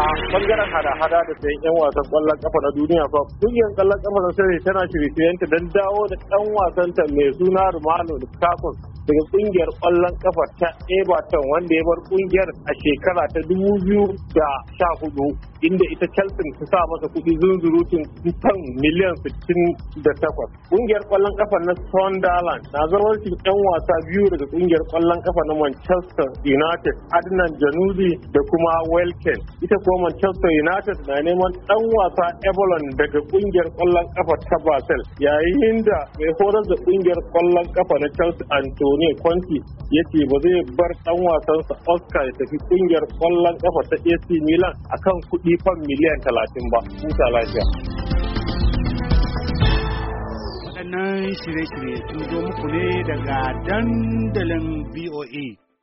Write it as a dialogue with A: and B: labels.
A: a bangaren hada-hada da sayan 'yan wasan kwallon kafa na duniya fa kungiyar kwallon kafa na sai tana shirye-shiryenta don dawo da dan wasanta mai suna Romano Lukaku daga kungiyar kwallon kafa ta Everton wanda ya bar kungiyar a shekara ta 2014 inda ita Chelsea ta sa masa kuɗi zunzurutun kan miliyan 68. ƙungiyar kwallon kafa na Sunderland na zawarcin 'yan wasa biyu daga ƙungiyar kwallon kafa na Manchester United Adnan Januzi da kuma Welken. Ita kuma Manchester United na neman ɗan wasa Evelyn daga ƙungiyar kwallon kafa ta Basel yayin da mai horar da ƙungiyar kwallon kafa na Chelsea Antonio Conte ya ce ba zai bar ɗan wasansa Oscar ya tafi ƙungiyar ƙwallon ƙafa ta AC Milan akan kuɗi yi miliyan talatin ba huta lafiya waɗannan shirye-shirye sun zo muku ne daga dandalin voa